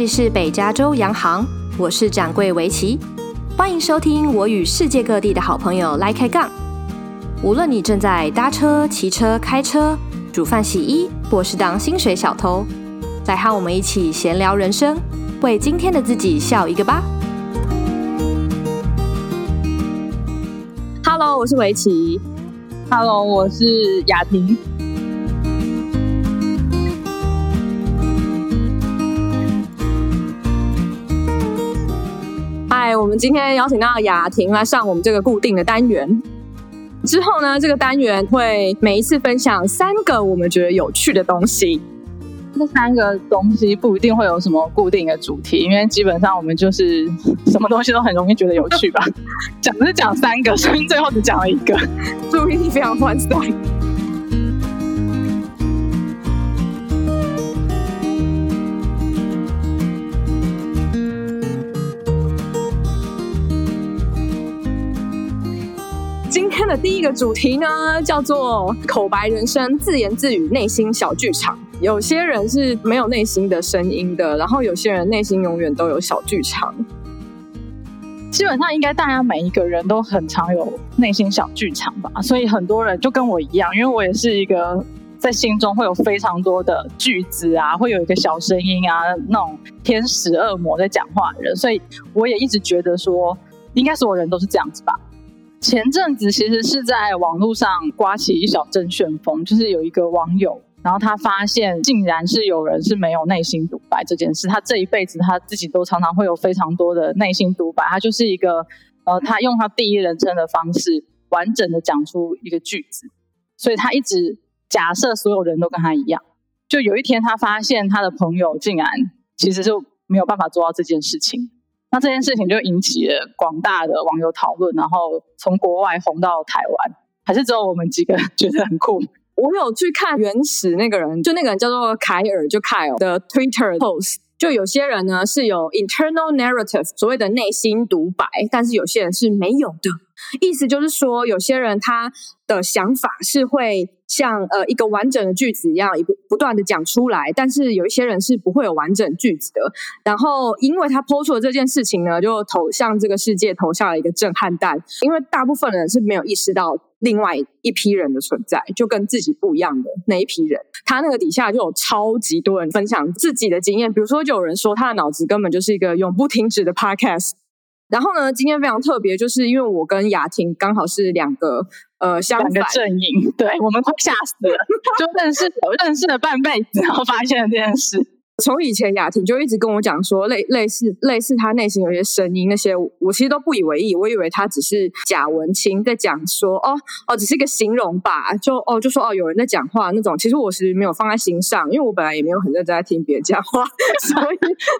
這裡是北加州洋行，我是掌櫃薇琪，歡迎收聽我與世界各地的好朋友來開槓。無論你正在搭車、騎車、開車、煮飯、洗衣，或是當薪水小偷，來和我們一起閒聊人生，為今天的自己笑一個吧。Hello，我是薇琪。Hello，我是亞婷。我們今天邀請到雅婷來上我們這個固定的單元。之後呢，這個單元會每一次分享三個我們覺得有趣的東西。這三個東西不一定會有什麼固定的主題，因為基本上我們就是什麼東西都很容易覺得有趣吧。 講、就是講三個，所以最後只講了一個，注意力非常渙散。第一個主題呢，叫做口白人生、自言自語、內心小劇場。有些人是沒有內心的聲音的，然後有些人內心永遠都有小劇場。基本上，應該大家每一個人都很常有內心小劇場吧？所以很多人就跟我一樣，因為我也是一個在心中會有非常多的句子啊，會有一個小聲音啊，那種天使、惡魔在講話的人。所以我也一直覺得說，應該所有人都是這樣子吧。前陣子其實是在網絡上颳起一小陣旋風，就是有一個網友，然後他發現竟然是有人是沒有內心獨白這件事。他這一輩子他自己都常常會有非常多的內心獨白，他就是一個，呃，他用他第一人稱的方式完整的講出一個句子，所以他一直假設所有人都跟他一樣。就有一天他發現他的朋友竟然其實就沒有辦法做到這件事情。那這件事情就引起了廣大的網友討論，然後從國外紅到台灣，還是只有我們幾個覺得很酷？我有去看原始那個人，就那個人叫做凱爾，就凱爾的 Twitter post，就有些人呢是有 internal narrative，所謂的內心獨白，但是有些人是沒有的。意思就是說，有些人他的想法是會像呃一個完整的句子一樣，一個不斷的講出來，但是有一些人是不會有完整句子的。然後，因為他拋出了這件事情呢，就投向這個世界投下了一個震撼彈。因為大部分人是沒有意識到另外一批人的存在，就跟自己不一樣的那一批人，他那個底下就有超級多人分享自己的經驗。比如說，就有人說他的腦子根本就是一個永不停止的 podcast。然後呢，今天非常特別，就是因為我跟雅婷剛好是兩個呃，相反的陣營。對，我們都嚇死了， 就認識我認識了半輩子，然後發現了這件事。從以前雅婷就一直跟我講說，類，類似類似類似她內心有些聲音那些，我其實都不以為意。我以為她只是假文青在講說，哦哦，只是一個形容吧，就哦就說哦有人在講話那種。其實我是沒有放在心上，因為我本來也沒有很認真在聽別人講話，所以。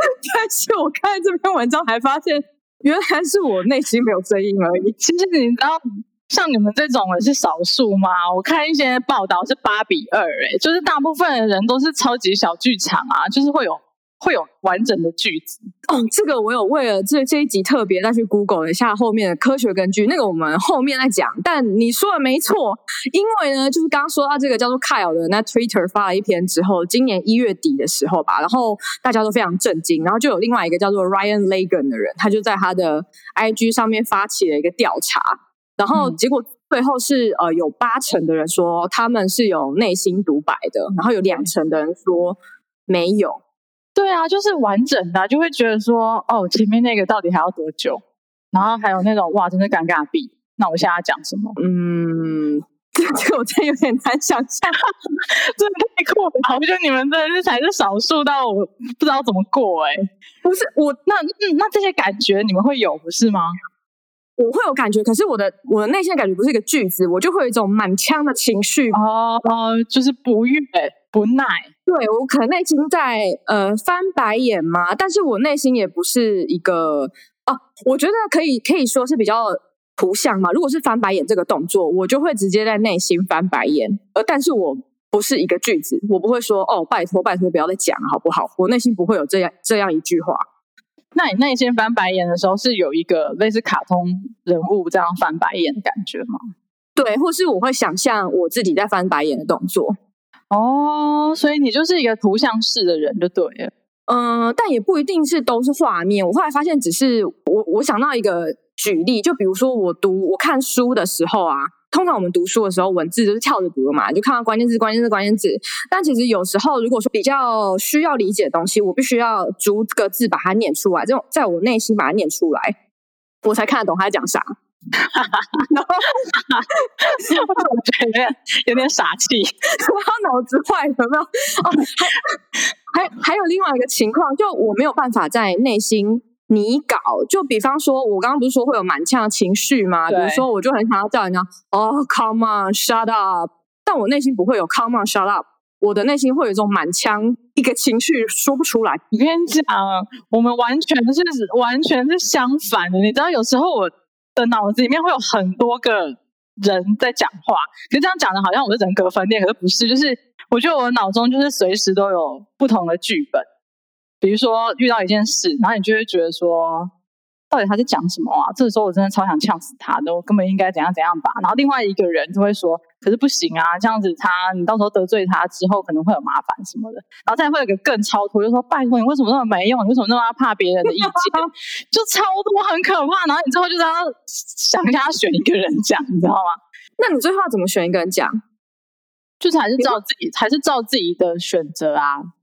但是我看了這篇文章還發現，原來是我內心沒有聲音而已。其實你知道，像你們這種人是少數嗎？我看一些報道是八比二，欸，就是大部分的人都是超級小劇場啊，就是會有。會有完整的句子哦，這個我有為了這這一集特別再去 Google 一下後面的科學根據，那個我們後面再講。但你說的沒錯，因為呢，就是剛剛說到這個叫做 Kyle 的那 Twitter 發了一篇之後，今年一月底的時候吧，然後大家都非常震驚，然後就有另外一個叫做 Ryan Lagan 的人，他就在他的 IG 上面發起了一個調查，然後結果最後是呃有八成的人說他們是有內心獨白的，然後有兩成的人說沒有。對啊，就是完整的，啊，就會覺得說，哦，前面那個到底還要多久？然後還有那種，哇，真的尷尬比。那我現在要講什麼？嗯，這個我真有點難想象，真 的太酷了。我覺得你們真的是才是少數到我不知道怎麼過，哎、欸。不是我、那、嗯、那這些感覺你們會有不是嗎？我會有感覺，可是我的我的內心的感覺不是一個句子，我就會有一種滿腔的情緒哦，就是不悅。不耐，對，我可能內心在呃翻白眼嘛，但是我內心也不是一個哦、啊，我覺得可以可以說是比較圖像嘛。如果是翻白眼這個動作，我就會直接在內心翻白眼，呃，但是我不是一個句子，我不會說哦，拜託拜託，不要再講了，好不好？我內心不會有這樣這樣一句話。那你內心翻白眼的時候，是有一個類似卡通人物這樣翻白眼的感覺嗎？對，或是我會想象我自己在翻白眼的動作。哦，oh, 所以你就是一個圖像式的人，就對了。嗯、呃，但也不一定是都是畫面。我後來發現，只是我我想到一個舉例，就比如說我讀我看書的時候啊，通常我們讀書的時候，文字都是跳着讀的嘛，就看到關鍵字，關鍵字，關鍵字。但其實有時候，如果說比較需要理解的東西，我必須要逐個字把它念出來，這種在我內心把它念出來，我才看得懂他在講啥。哈哈，哈，然後覺得有點傻氣，我 後腦子壞了有沒有？Oh, 還還還有另外一個情況，就我沒有辦法在內心擬稿。就比方說，我剛剛不是說會有滿腔情緒嗎？對比如說，我就很想要叫人家，哦、oh，Come on，shut up，但我內心不會有 Come on，shut up，我的內心會有一種滿腔一個情緒說不出來。我跟你講，我們完全是完全是相反的，你知道，有時候我。的腦子裡面會有很多個人在講話，其實這樣講的好像我是人格分裂，可是不是，就是我覺得我的腦中就是隨時都有不同的劇本，比如說遇到一件事，然後你就會覺得說。到底他在講什麼啊？這時候我真的超想嗆死他的，我根本應該怎樣怎樣吧。然後另外一個人就會說：“可是不行啊，這樣子他，你到時候得罪他之後可能會有麻煩什麼的。”然後再會有一個更超脫，就是說：“拜托你，為什麼那麼沒用？你為什麼那麼怕別人的意見？ 就超脫很可怕。”然後你之後就是要想跟他選一個人講，你知道嗎？ 那你最後要怎麼選一個人講？就是還是照自己，還是照自己的選擇啊？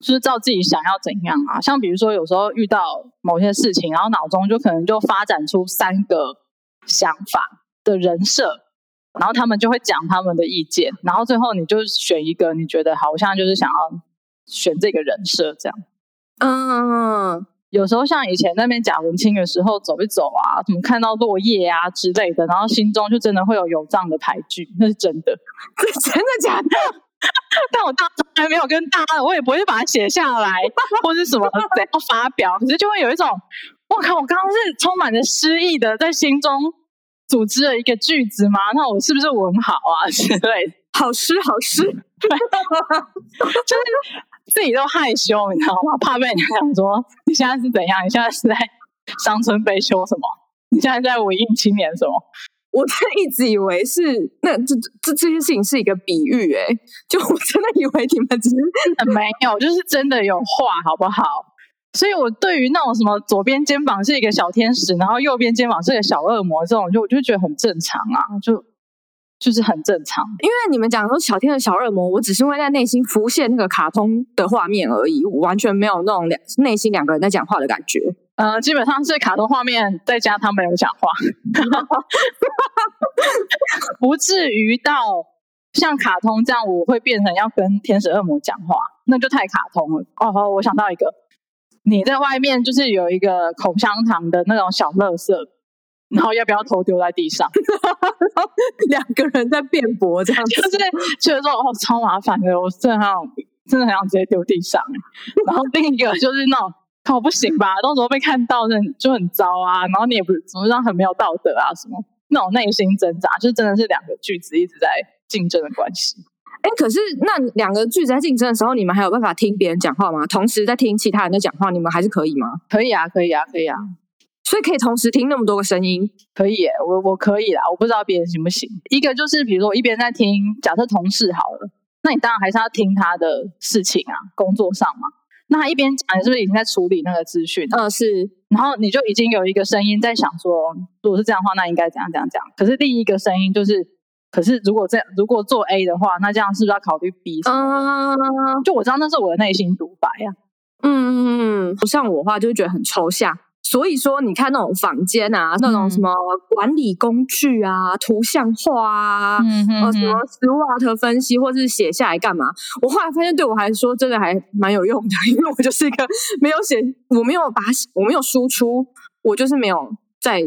就是照自己想要怎樣啊，像比如說有時候遇到某些事情，然後腦中就可能就發展出三個想法的人設，然後他們就會講他們的意見，然後最後你就選一個你覺得好像就是想要選這個人設這樣。嗯，有時候像以前那邊假文青的時候走一走啊，什麼看到落葉啊之類的，然後心中就真的會有有這樣的排劇，那是真的， 真的假的？但我當從來沒有跟大家，我也不會把它寫下來或是什麼怎樣發表，可是就會有一種，我靠，我剛剛是充滿着詩意的，在心中組織了一個句子嗎？那我是不是文豪啊？之類的，好詩，好詩，就是自己都害羞，你知道嗎？怕被人家講說你現在是怎樣？你現在是在傷春悲秋什麼？你現在在文藝青年什麼？我真的一直以為是那這這這些事情是一個比喻誒，就我真的以為你們只是沒有，就是真的有話，好不好？所以，我對於那種什麼左邊肩膀，是一個小天使，然後右邊肩膀，是個小惡魔這種，就我就覺得很正常啊，就就是很正常。因為你們講說小天的小惡魔，我只是會在內心浮現那個卡通的畫面而已，我完全沒有那種兩內心兩個人在講話的感覺。呃，基本上是卡通畫面，再加他沒有講話， 不至於到像卡通這樣，我會變成要跟天使惡魔講話，那就太卡通了。哦，哦，我想到一個，你在外面就是有一個口香糖的那種小垃圾，然後要不要偷丟在地上？ 然後兩個人在辯駁這樣， 就是覺得、就是、說哦，超麻煩的，我真的很想，真的很想直接丟地上。然後另一個就是那種。靠，可不行吧？到時候被看到，那就很糟啊。然後你也不是怎麼知道很沒有道德啊，什麼那種內心掙扎，就真的是兩個句子一直在競爭的關係。哎、欸，可是那兩個句子在競爭的時候，你們還有辦法聽別人講話嗎？同時在聽其他人在講話，你們還是可以嗎？可以啊，可以啊，可以啊。所以可以同時聽那麼多個聲音？可以、欸，我我可以啦。我不知道別人行不行。一個就是，比如說我一邊在聽，假設同事好了，那你當然還是要聽他的事情啊，工作上嘛。那他一邊講，你是不是已經在處理那個資訊、啊？嗯，是。然後你就已經有一個聲音在想說，如果是這樣的話，那應該怎樣怎樣講樣？可是第一個聲音就是，可是如果這樣，如果做 A 的話，那這樣是不是要考慮 B？啊，嗯、就我知道那是我的內心獨白呀、啊嗯。嗯嗯嗯不像我的話，就會、是、覺得很抽象。所以說，你看那種坊間啊，嗯、那種什麼管理工具啊、圖像化啊，嗯哼哼什麼 SWOT 分析，或是寫下來幹嘛？我後來發現，對我來說這個還蠻有用的，因為我就是一個沒有寫，我沒有把，我沒有輸出，我就是沒有在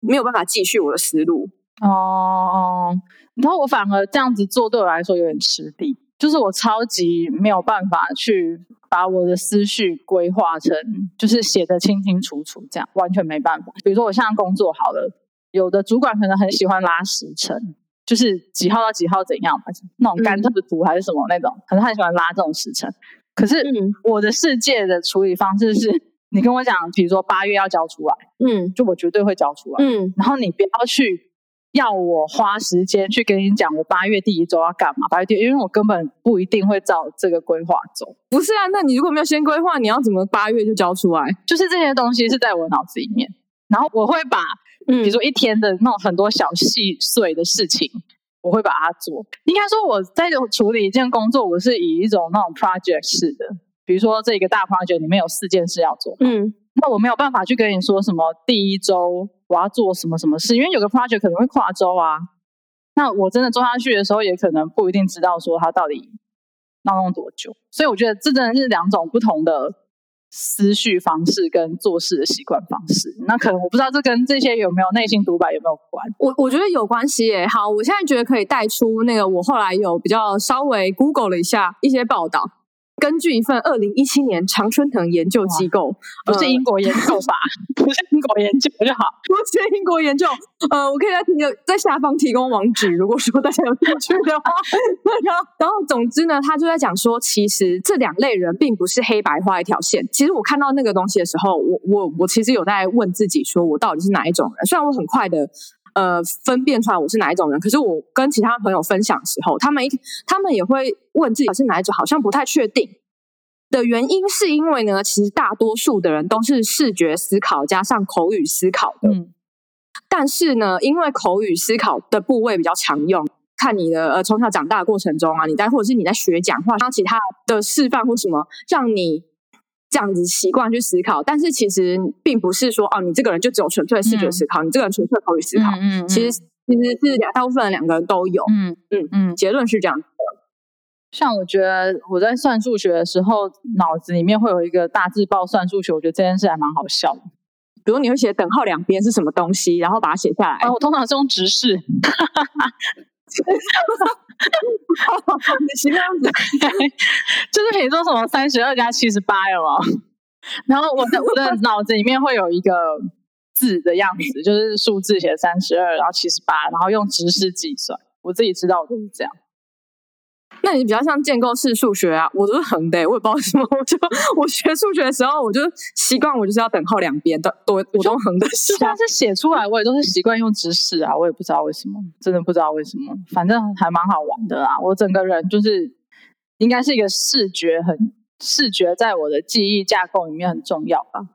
沒有辦法繼續我的思路哦，哦。然後我反而這樣子做，對我來說有點吃力，就是我超級沒有辦法去。把我的思緒規劃成，就是寫得清清楚楚，這樣完全沒辦法。比如說我現在工作好了，有的主管可能很喜歡拉時程，就是幾號到幾號怎樣，那種甘特圖還是什麼那種，嗯、可能他很喜歡拉這種時程。可是我的世界的處理方式是，嗯、你跟我講，比如說八月要交出來，嗯，就我絕對會交出來，嗯，然後你不要去。要我花時間去跟你講，我八月第一周要幹嘛？八月第一，因為我根本不一定會照這個規劃走。不是啊,那你如果沒有先規劃，你要怎麼八月就交出來？就是這些東西是在我腦子裡面，然後我會把，比如說一天的那種很多小細碎的事情，嗯、我會把它做。應該說我在處理一件工作，我是以一種那種 project 式的，比如說這個大 project 裡面有四件事要做，嗯，那我沒有辦法去跟你說什麼第一周。我要做什麼什麼事？因為有個 project 可能會跨州啊，那我真的做下去的時候，也可能不一定知道說它到底要弄、弄多久。所以我覺得這真的是兩種不同的思緒方式跟做事的習慣方式。那可能我不知道這跟這些有沒有內心獨白有沒有關？我我覺得有關係也、欸、好，我現在覺得可以帶出那個我後來有比較稍微 Google 了一下一些報道。根據一份二零一七年常春藤研究機構，不哇、呃哦、是英國研究吧？ 不是英國研究就好。不是英國研究，呃，我可以在聽聽在下方提供網址。如果說大家有興趣的話， 然後總之呢，他就在講說，其實這兩類人並不是黑白畫一條線。其實我看到那個東西的時候，我我我其實有在問自己，說我到底是哪一種人？雖然我很快的。呃，分辨出來我是哪一種人，可是我跟其他朋友分享的時候，他們他們也會問自己是哪一種，好像不太確定。的原因是因為呢，其實大多數的人都是視覺思考加上口語思考的，嗯，但是呢，因為口語思考的部位比較常用，看你的，呃，從小長大的過程中啊，你在或者是你在學講話，讓其他的示範或什麼讓你。這樣子習慣去思考，但是其實並不是說哦，你這個人就只有純粹視覺思考，嗯、你這個人純粹口語思考。嗯，嗯，嗯，其實其實是兩大部分，兩個人都有。嗯嗯嗯，結論是這樣的。像我覺得我在算數學的時候，腦子裡面會有一個大字報算數學，我覺得這件事還蠻好笑。比如你會寫等號兩邊是什麼東西，然後把它寫下來。啊，我通常是用直視。 哈哈，你是這樣子，就是你說什麼三十二加七十八有嗎？然後我的我的腦子裡面會有一個字的樣子，就是數字寫三十二，然後七十八，然後用直式計算，我自己知道我就是這樣。那你比較像建構式數學啊，我都是橫的。欸，我也不知道為什麼，我就我學數學的時候，我就習慣我就是要等號兩邊都我都橫的，就算是寫出來，我也都是習慣用直式啊，我也不知道為什麼，真的不知道為什麼，反正還蠻好玩的啦，啊。我整個人就是應該是一個視覺很視覺，在我的記憶架構裡面很重要吧。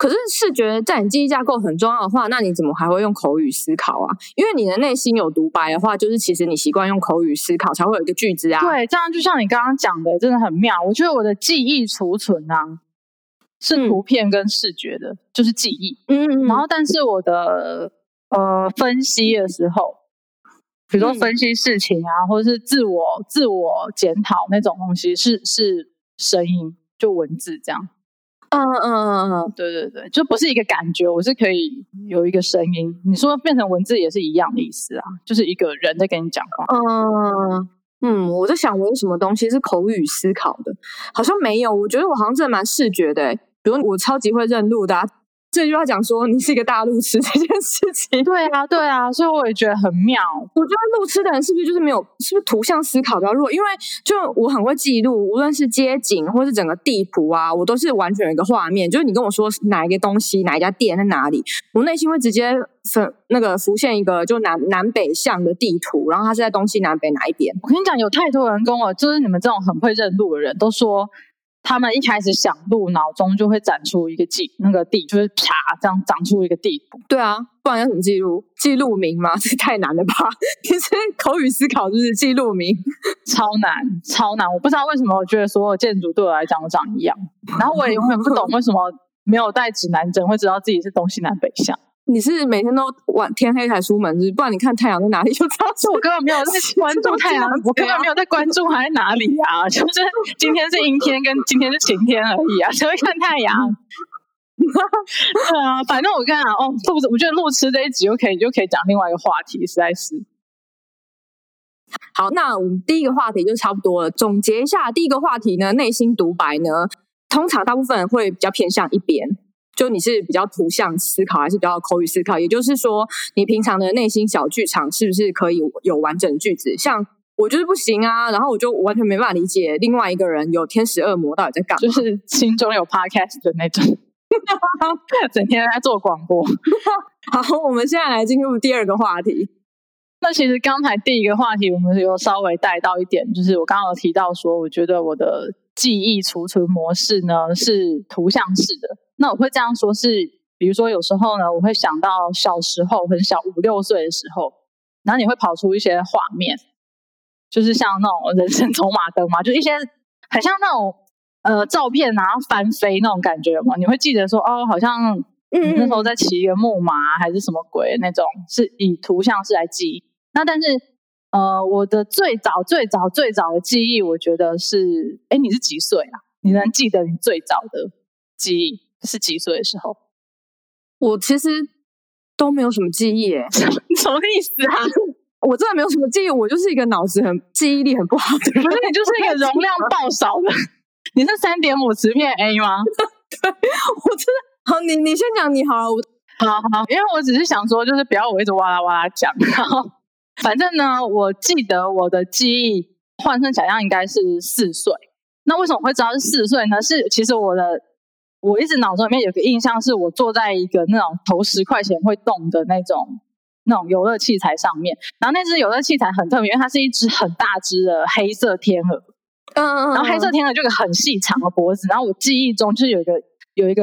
可是視覺在你記憶架構很重要的話，那你怎麼還會用口語思考啊？因為你的內心有獨白的話，就是其實你習慣用口語思考，才會有一個句子啊。對，這樣就像你剛剛講的，真的很妙。我覺得我的記憶儲存呢、啊、是圖片跟視覺的，嗯、就是記憶。嗯，然後但是我的呃分析的時候，比如說分析事情啊，或者是自我自我檢討那種東西，是是聲音，就文字這樣。嗯嗯嗯嗯對對對，就不是一個感覺，我是可以有一個聲音。你說變成文字也是一樣的意思啊，就是一個人在跟你講話。嗯、uh, 對嗯，我在想我有什麼東西是口語思考的，好像沒有。我覺得我好像真的蠻視覺的、欸，比如我超級會認路的啊。這句話講說，你是一個大路痴這件事情，對啊，對啊，所以我也覺得很妙。我覺得路痴的人是不是就是沒有，是不是圖像思考比較弱？因為就我很會記路，無論是街景或是整個地圖啊，我都是完全有一個畫面。就是你跟我說哪一個東西，哪一家店在哪裡，我內心會直接浮那個浮現一個就南南北向的地圖，然後它是在東西南北哪一邊。我跟你講，有太多人跟我，就是你們這種很會認路的人都說。他們一開始想入腦中，就會展出一個景，那個地，就是啪這樣長出一個地步。對啊，不然要怎麼記錄？記錄名嗎？這太難了吧！其實口語思考就是記錄名，超難超難。我不知道為什麼，我覺得所有建築對我來講都長一樣。然後我也永遠不懂為什麼沒有帶指南針會知道自己是東西南北向。你是每天都晚天黑才出門，不然你看太陽在哪裡就知道。我根本沒有在關注太陽，我 根本沒有在關注還在哪裡啊， 就是今天是陰天，跟今天是晴天而已啊！誰 會看太陽？啊、 呃，反正我跟啊，哦，肚子，我覺得路痴這一集就可以就可以講另外一個話題，實在是。好，那我們第一個話題就差不多了，總結一下，第一個話題呢，內心獨白呢，通常大部分人會比較偏向一邊。就你是比較圖像思考，還是比較口語思考？也就是說，你平常的內心小劇場是不是可以有完整句子？像我就是不行啊，然後我就完全沒辦法理解另外一個人有天使惡魔到底在幹嘛，就是心中有 Podcast 的那種，整天在做廣播。 好，我們現在來進入第二個話題。那其實剛才第一個話題我們有稍微帶到一點，就是我剛剛有提到說，我覺得我的記憶儲存模式呢是圖像式的。那我會這樣說是，比如說有時候呢，我會想到小時候很小五六歲的時候，然後你會跑出一些畫面，就是像那種人生走馬燈嘛，就一些很像那種呃照片、啊，然後翻飛那種感覺嘛，嘛你會記得說哦，好像你那時候在騎一個木馬、啊、嗯嗯還是什麼鬼那種，是以圖像式來記憶。那但是呃，我的最早最早最早的記憶，我覺得是，誒，你是幾歲啊？你能記得你最早的記憶？是幾歲的時候？我其實都沒有什麼記憶、欸，哎， 什麼意思啊？ 我真的沒有什麼記憶，我就是一個腦子很記憶力很不好的人，你就是一個容量爆少的。 你是三點五磁片 A 嗎？ 對我真的好，你你先講，你好，好，好好，因為我只是想說，就是不要我一直哇啦哇啦講，然後反正呢，我記得我的記憶換算起來應該是四歲，那為什麼會知道是四歲呢？是其實我的。我一直腦子裡面有個印象，是我坐在一個那種投十塊錢會動的那種那種遊樂器材上面，然後那只遊樂器材很特別，因為它是一只很大只的黑色天鵝，嗯，然後黑色天鵝就有很細長的脖子，然後我記憶中就是有一個有一個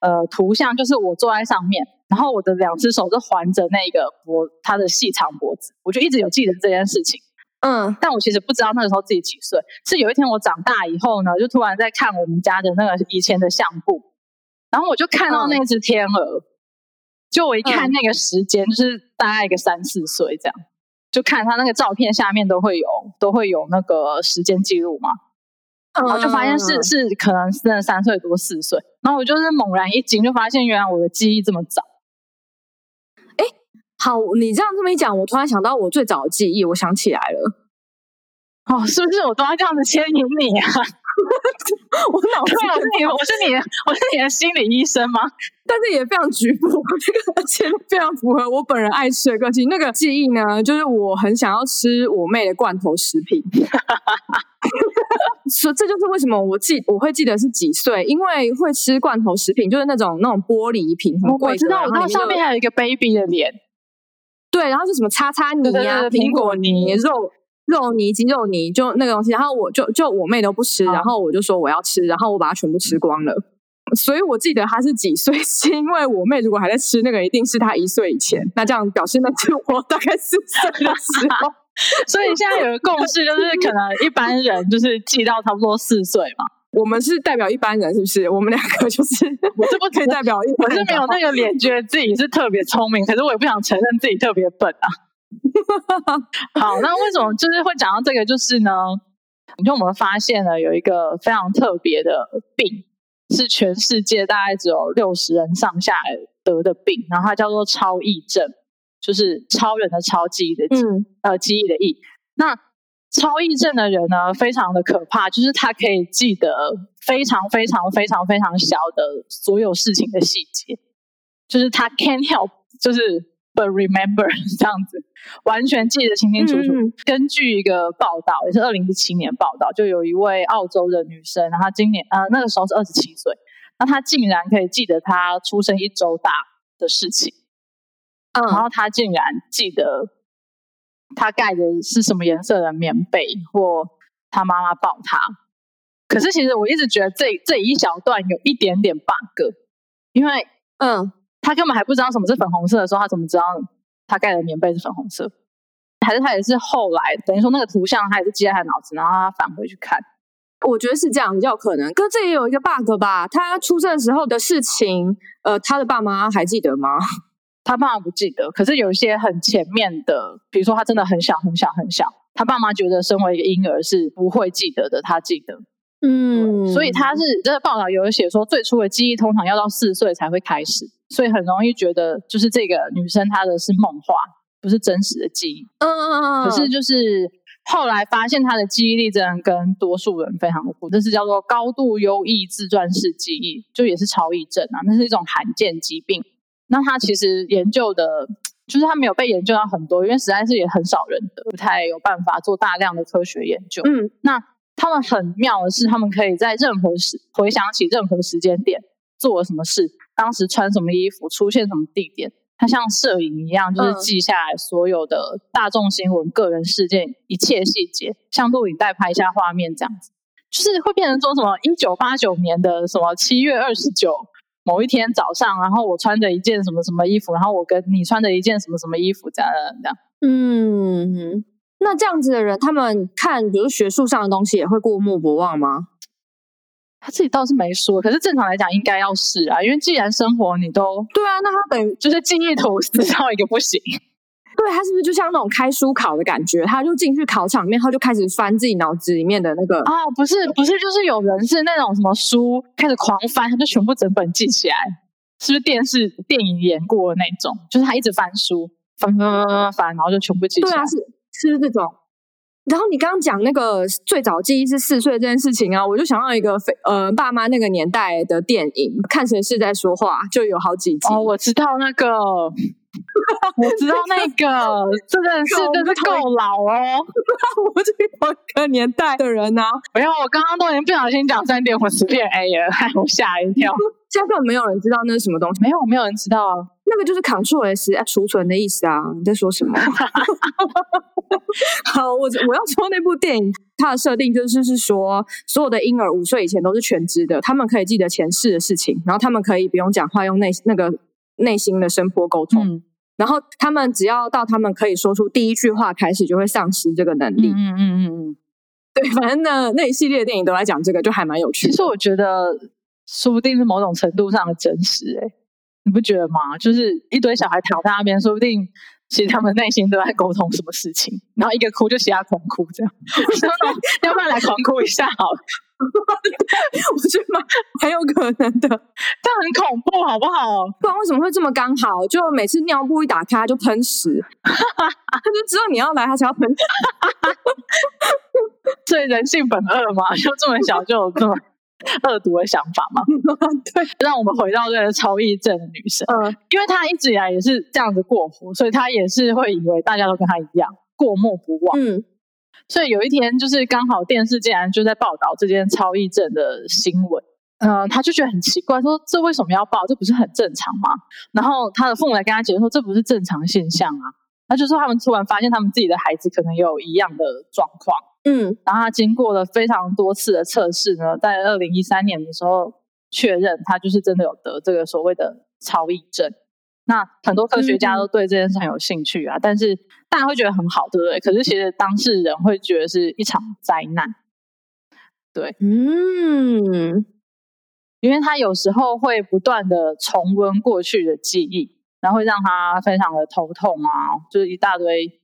呃圖像，就是我坐在上面，然後我的兩只手就環着那個脖它的細長脖子，我就一直有記得這件事情。嗯，但我其實不知道那個時候自己幾歲。是有一天我長大以後呢，就突然在看我們家的那個以前的相簿，然後我就看到那隻天鵝，嗯、就我一看那個時間，嗯、就是大概一個三四歲這樣，就看他那個照片下面都會有都會有那個時間記錄嘛，然後就發現是是可能是三歲多四歲，然後我就是猛然一驚，就發現原來我的記憶這麼早。好，你這樣這麼一講，我突然想到我最早的記憶，我想起來了。哦，是不是我都要這樣子牽引你啊？ 我腦子我是，老是 我是你，我是你的心理醫生嗎？但是也非常局部，這個牽非常符合我本人愛吃的個性，那個記憶呢，就是我很想要吃我妹的罐頭食品，哈，說這就是為什麼我記我會記得是幾歲，因為會吃罐頭食品，就是那種那種玻璃瓶，貴的，我鬼知道，它上面還有一個 baby 的臉。對，然後是什麼叉叉泥呀、啊、蘋果泥、果泥肉肉泥、雞肉泥，就那個東西。然後我就就我妹都不吃，然後我就說我要吃，然後我把它全部吃光了。嗯、所以我記得她是幾歲，是因為我妹如果還在吃那個，一定是她一歲以前。那這樣表示那是我大概四歲的時候。 所以現在有個共識就是，可能一般人就是記到差不多四歲嘛。我們是代表一般人，是不是？我們兩個就是，這不可以代表，一般代表人，一我是沒有那個臉，覺得自己是特別聰明，可是我也不想承認自己特別笨啊。 好，那為什麼就是會講到這個？就是呢，你說我們發現了有一個非常特別的病，是全世界大概只有六十人上下來得的病，然後它叫做超憶症，就是超人的超，記憶的記，嗯、呃，記憶的憶。那超憶症的人呢，非常的可怕，就是他可以記得非常非常非常非常小的所有事情的細節，就是他 can't help，就是 but remember 這樣子，完全記得清清楚楚。嗯，根據一個報道，也是二零一七年報道，就有一位澳洲的女生，她今年呃那個時候是二十七歲，那她竟然可以記得她出生一周大的事情，嗯，然後她竟然記得。他蓋的是什麼顏色的棉被，或他媽媽抱他？可是其實我一直覺得這這一小段有一點點 bug，因為嗯，他根本還不知道什麼是粉紅色的時候，他怎麼知道他蓋的棉被是粉紅色？還是他也是後來等於說那個圖像他也是記在他腦子，然後他返回去看？我覺得是這樣比較可能。可是，這也有一個 bug 吧？他出生時候的事情，呃，他的爸媽還記得嗎？他爸媽不記得，可是有一些很前面的，比如說他真的很小、很小、很小。他爸媽覺得身為一個嬰兒是不會記得的，他記得，嗯，所以他是這個報道有寫說，最初的記憶通常要到四歲才會開始，所以很容易覺得就是這個女生她的是夢話，不是真實的記憶，嗯嗯嗯，可是就是後來發現她的記憶力真的跟多數人非常的不同，這是叫做高度優異自傳式記憶，就也是超憶症啊，那是一種罕見疾病。那他其實研究的，就是他沒有被研究到很多，因為實在是也很少人的，不太有辦法做大量的科學研究。嗯，那他們很妙的是，他們可以在任何時回想起任何時間點做了什麼事，當時穿什麼衣服，出現什麼地點。他像攝影一樣，就是記下來所有的大眾新聞、個人事件一切細節，像錄影帶拍一下畫面這樣子，就是會變成說什麼一九八九年的什麼七月二十九。某一天早上，然後我穿着一件什麼什麼衣服，然後我跟你穿着一件什麼什麼衣服，這樣這樣。這樣。嗯，那這樣子的人，他們看比如學術上的東西，也會過目不忘嗎？他自己倒是沒說，可是正常來講應該要試啊，因為既然生活你都對啊，那他等於就是敬業投資，這也一個不行。對他是不是就像那種開書考的感覺？他就進去考場面，他就開始翻自己腦子裡面的那個啊，哦，不是不是，就是有人是那種什麼書開始狂翻，他就全部整本記起來，是不是電視電影演過的那種？就是他一直翻書翻翻翻翻，然後就全部記起來。對啊，是，是不是這種？然後你剛剛講那個最早記憶是四歲這件事情啊，我就想到一個非呃爸媽那個年代的電影，看誰是在說話，就有好幾集哦，我知道那個。 我知道那個 真的是真的夠老哦， 我們這個年代的人呢、啊？ 沒有，我剛剛都已經不小心講三點五磁片，哎呀，了，害我嚇一跳。現在根本沒有人知道那是什麼東西？沒有，沒有人知道。啊。 那個就是 Control S、啊、儲存的意思啊？你在說什麼？ 好，我我要說那部電影， 它的設定就是是說，所有的嬰兒五歲以前都是全知的，他們可以記得前世的事情，然後他們可以不用講話，用內那，那個。內心的聲波溝通，嗯，然後他們只要到他們可以說出第一句話開始，就會喪失這個能力嗯。嗯嗯嗯嗯，嗯對，反正呢，那一系列電影都來講這個，就還蠻有趣的。其實我覺得，說不定是某種程度上的真實，欸，哎，你不覺得嗎？就是一堆小孩躺在那邊，說不定。其實他們內心都在溝通什麼事情，然後一個哭就嚇他狂哭這樣。我說，要不要來狂哭一下好了？ 我覺得蠻很有可能的，但很恐怖好不好？不然為什麼會這麼剛好？就每次尿布一打開就噴屎， 他就知道你要來，他才要噴。 所以人性本惡嘛，就這麼小就有這麼。惡毒的想法嘛， 對，讓我們回到這個超憶症的女生，嗯，因為她一直以來也是這樣子過活，所以她也是會以為大家都跟她一樣過目不忘，嗯，所以有一天就是剛好電視竟然就在報道這件超憶症的新聞，嗯、呃，她就覺得很奇怪，說這為什麼要報？這不是很正常嗎？然後她的父母來跟她解釋說，這不是正常現象啊，她就說他們突然發現他們自己的孩子可能有一樣的狀況。嗯，然後他經過了非常多次的測試呢，在二零一三年的時候確認他就是真的有得這個所謂的超憶症。那很多科學家都對這件事很有興趣啊，嗯、但是大家會覺得很好，對不對？可是其實當事人會覺得是一場災難。對，嗯，因為他有時候會不斷的重溫過去的記憶，然後會讓他非常的頭痛啊，就是一大堆。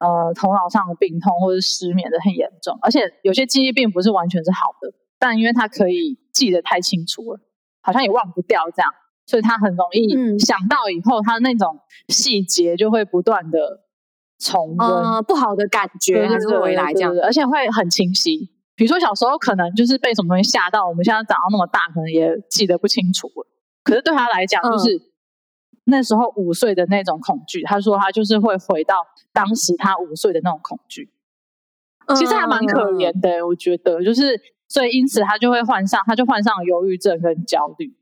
呃，頭腦上的病痛或者失眠的很嚴重，而且有些記憶並不是完全是好的，但因為他可以記得太清楚了，好像也忘不掉這樣，所以他很容易、嗯、想到以後他的那種細節就會不斷的重溫、嗯、不好的感覺就是回來這樣子，而且會很清晰。比如說小時候可能就是被什麼東西嚇到，我們現在長到那麼大，可能也記得不清楚了，可是對他來講就是。嗯那時候五歲的那種恐懼，他說他就是會回到當時他五歲的那種恐懼，其實還蠻可憐的、欸，uh、我覺得就是所以因此他就會患上。他就患上憂鬱症跟焦慮，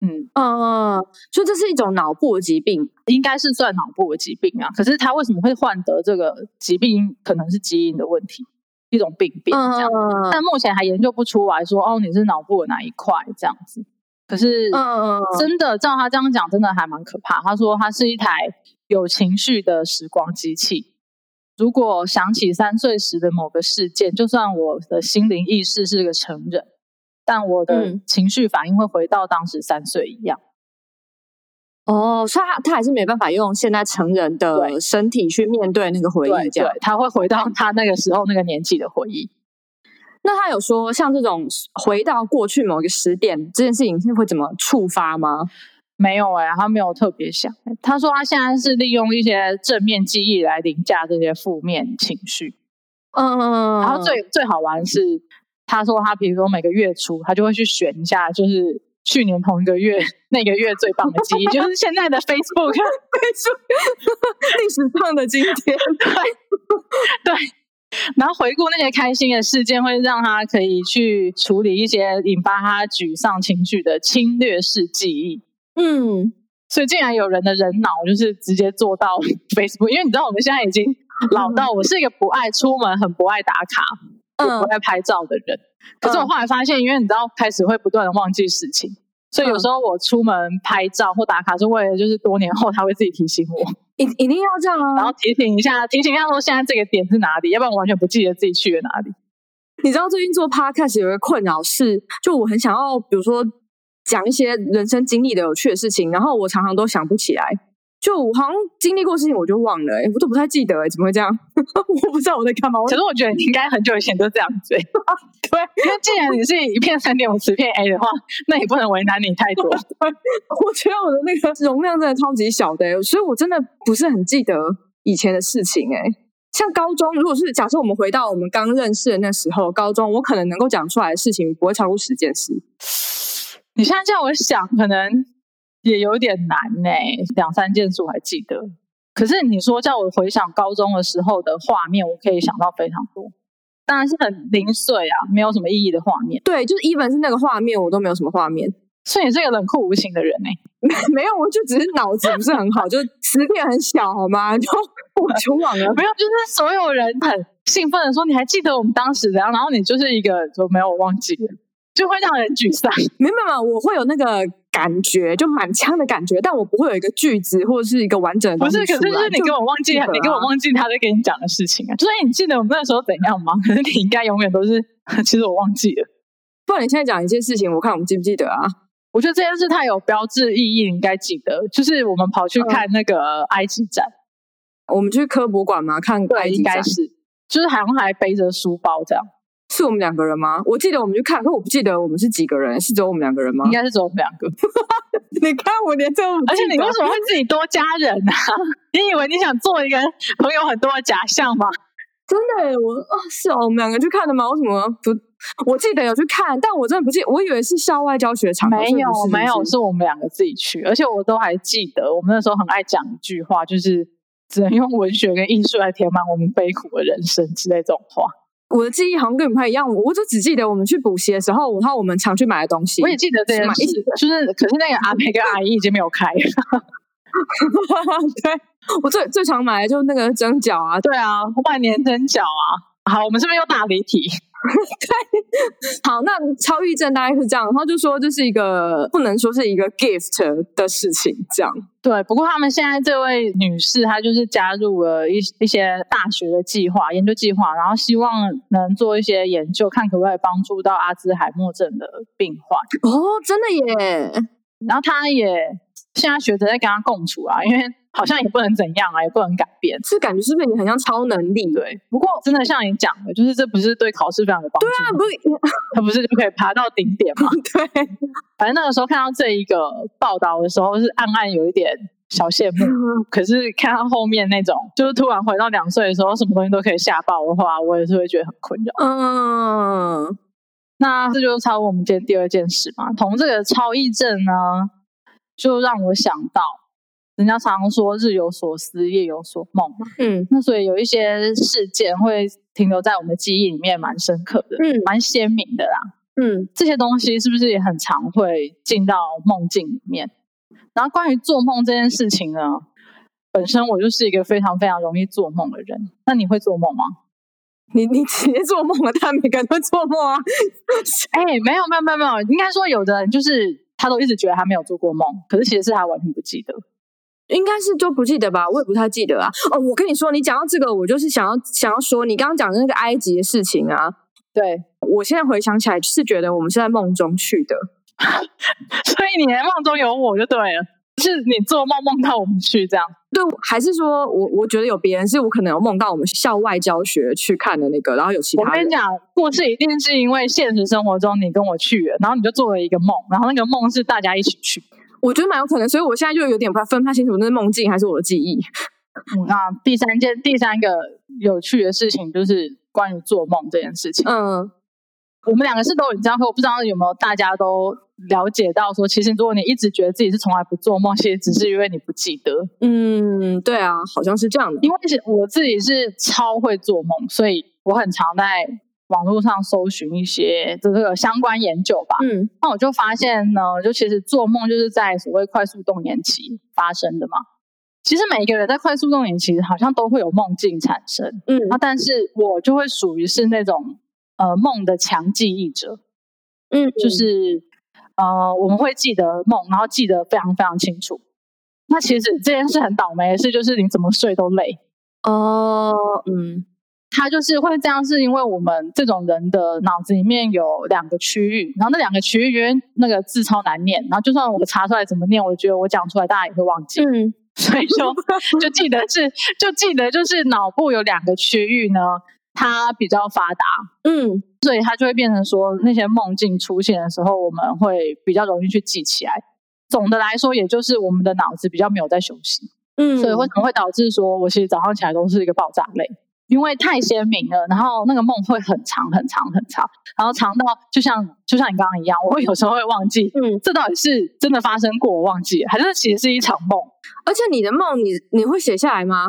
嗯嗯嗯，所以、uh、這是一種腦部的疾病，應該是算腦部的疾病啊。可是他為什麼會患得這個疾病，可能是基因的問題，一種病變這樣。Uh、但目前還研究不出來說哦，你是腦部的哪一塊這樣子。可是，真的照他這樣講，真的還蠻可怕。他說，他是一台有情緒的時光機器。如果想起三歲時的某個事件，就算我的心靈意識是個成人，但我的情緒反應會回到當時三歲一樣。嗯、哦，所以他他還是沒辦法用現在成人的身體去面對那個回憶。對，對，他會回到他那個時候那個年紀的回憶。那他有說像這種回到過去某個時點這件事情會怎麼觸發嗎？沒有哎、欸，他沒有特別想、欸。他說他現在是利用一些正面記憶來凌駕這些負面情緒。嗯嗯嗯。然後最最好玩是，嗯、他說他比如說每個月初，他就會去選一下，就是去年同一個月那個月最棒的記憶， 就是現在的 Facebook，Facebook 歷史上的今天， 對對。然後回顧那些開心的事件，會讓他可以去處理一些引發他沮喪情緒的侵略式記憶。嗯，所以竟然有人的人腦就是直接做到 Facebook，因為你知道我們現在已經老到，我是一個不愛出門、很不愛打卡、我、嗯、不愛拍照的人。可是我後來發現，因為你知道開始會不斷地忘記事情，所以有時候我出門拍照或打卡，是為了就是多年後他會自己提醒我。一一定要這樣啊！然後提醒一下，提醒一下說現在這個點是哪裡，要不然我完全不記得自己去了哪裡。你知道最近做 podcast 有一個困擾是，就我很想要，比如說講一些人生經歷的有趣的事情，然後我常常都想不起來。就我好像經歷過事情，我就忘了、欸，我都不太記得、欸，怎麼會這樣？ 我不知道我在幹嘛。其實我覺得你應該很久以前都這樣子、 啊。對，因為既然你是一片三點五磁片 A 的話，那也不能為難你太多我。我覺得我的那個容量真的超級小的、欸，所以我真的不是很記得以前的事情、欸。誒像高中，如果是假設我們回到我們剛認識的那時候，高中我可能能夠講出來的事情不會超過十件事。你現在這樣我想，可能。也有點難呢、欸，兩三件事我還記得，可是你說叫我回想高中的時候的畫面，我可以想到非常多，當然是很零碎啊，沒有什麼意義的畫面。對，就是即使是那個畫面，我都沒有什麼畫面。所以你是一個冷酷無情的人呢、欸？沒有，我就只是腦子不是很好， 就磁片很小好嗎？就我全忘了， 沒有，就是所有人很興奮的說你還記得我們當時怎樣，然後你就是一個就沒有我忘記，就會讓人沮喪。明白嗎？我會有那個。感覺就滿腔的感覺，但我不會有一個句子或者是一個完整的。不是，可是就是你給我忘記，記啊、你給我忘記他在跟你講的事情啊。所以你記得我們那時候怎樣嗎？可 是你應該永遠都是，其實我忘記了。不然你現在講一件事情，我看我們記不記得啊？我覺得這件事太有標志意義，你應該記得。就是我們跑去看那個埃及展，嗯、我們去科博館嘛，看對埃及展，應該是，就是好像還背着書包這樣。是我們兩個人嗎？我記得我們去看，但我不記得我們是幾個人，是只有我們兩個人嗎？應該是只有我們兩個。 你看我連這，而且你為什麼會自己多加人呢、啊？ 你以為你想做一個朋友很多的假象嗎？ 真的、欸，我哦，是哦，我們兩個去看的嗎？我怎麼不？我記得有去看，但我真的不記得，我以為是校外教學場，沒有沒有，是我們兩個自己去，而且我都還記得，我們那時候很愛講一句話，就是只能用文學跟藝術來填滿我們悲苦的人生之類的這種話。我的記憶好像跟你們還一樣，我就只記得我們去補習的時候，然後我們常去買的東西。我也記得這些，就是可是那個阿妹跟阿姨已經沒有開了。 對，我最最常買的就是那個蒸餃啊，對啊，萬年蒸餃啊。好，我們這邊又大離題。 對，好，那超憶症大概是這樣，然後就說，這是一個不能說是一個 gift 的事情，這樣。對，不過他們現在這位女士，她就是加入了一一些大學的計劃、研究計劃，然後希望能做一些研究，看可不可以幫助到阿茲海默症的病患。哦，真的耶！然後她也現在學着在跟她共處啊，因為。好像也不能怎樣啊，也不能改變，是感覺是不是你很像超能力對？不過真的像你講的，就是這不是對考試非常的幫助。對啊，不是他不是就可以爬到頂點嘛？對。反正那個時候看到這一個報道的時候，是暗暗有一點小羨慕。嗯、可是看到後面那種，就是突然回到兩歲的時候，什麼東西都可以嚇爆的話，我也是會覺得很困擾。嗯，那這就是超我們今天第二件事嘛。從這個超憶症呢，就讓我想到。人家常說“日有所思，夜有所夢”嘛，嗯，那所以有一些事件會停留在我們的記憶裡面，蠻深刻的，嗯，蠻鮮明的啦，嗯，這些東西是不是也很常會進到夢境裡面？然後關於做夢這件事情呢，本身我就是一個非常非常容易做夢的人。那你會做夢嗎？你你直接做夢了，他每個人都做夢啊？哎、 欸，沒有沒有沒有沒有，應該說，有的人就是他都一直覺得他沒有做過夢，可是其實他完全不記得。應該是都不記得吧，我也不太記得啊。哦，我跟你說，你講到這個，我就是想要想要說，你剛剛講的那個埃及的事情啊，對，我現在回想起來是覺得我們是在夢中去的， 所以你在夢中有我就對了，是你做夢夢到我們去這樣。對，還是說我我覺得有別人是我可能有夢到我們校外教學去看的那個，然後有其他。我跟你講，故事一定是因為現實生活中你跟我去了，然後你就做了一個夢，然後那個夢是大家一起去。我覺得蠻有可能，所以我現在就有點不太分不太清楚那是夢境還是我的記憶。那、嗯啊、第三件、第三個有趣的事情就是關於做夢這件事情。嗯，我們兩個是都已經知道，我不知道有沒有大家都了解到說，其實如果你一直覺得自己是從來不做夢，其實只是因為你不記得。嗯，對啊，好像是這樣的。因為我自己是超會做夢，所以我很常在。網絡上搜尋一些這個相關研究吧。嗯，那我就發現呢，就其實做夢就是在所謂快速動眼期發生的嘛。其實每一個人在快速動眼期，好像都會有夢境產生。嗯，那但是我就會屬於是那種呃夢的強記憶者。嗯，嗯，就是呃我們會記得夢，然後記得非常非常清楚。那其實這件事很倒霉的是，就是你怎麼睡都累。哦、呃，嗯。他就是會這樣，是因為我們這種人的腦子裡面有兩個區域，然後那兩個區域因為那個字超難念，然後就算我們查出來怎麼念，我覺得我講出來大家也會忘記。嗯，所以說就，就記得是 就記得就是腦部有兩個區域呢，它比較發達，嗯，所以它就會變成說那些夢境出現的時候，我們會比較容易去記起來。總的來說，也就是我們的腦子比較沒有在休息，嗯，所以會可能會導致說我其實早上起來都是一個爆炸類。因為太鮮明了，然後那個夢會很長很長很長，然後長到就像就像你剛剛一樣，我會有時候會忘記，嗯，這到底是真的發生過，我忘記了，還是其實是一場夢？而且你的夢你，你你會寫下來嗎？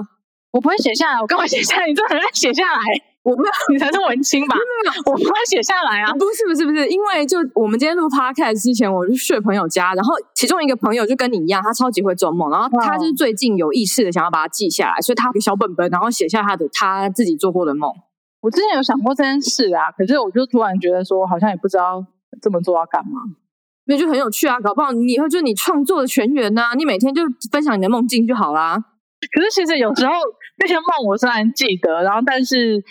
我不會寫下來，我幹嘛寫下來？你真的很愛寫下來。我不知道，你才是文青吧？嗯、我不會寫下來啊。不是不是不是，因為就我們今天錄 podcast 之前，我就睡朋友家，然後其中一個朋友就跟你一樣，他超級會做夢，然後他就是最近有意識的想要把它記下來，哇所以他有小本本，然後寫下他的他自己做過的夢。我之前有想過這件事啊，可是我就突然覺得說，好像也不知道這麼做要幹嘛。那就很有趣啊，搞不好你以後就是你創作的泉源吶、啊，你每天就分享你的夢境就好啦。可是其實有時候那些夢我雖然記得，然後但是。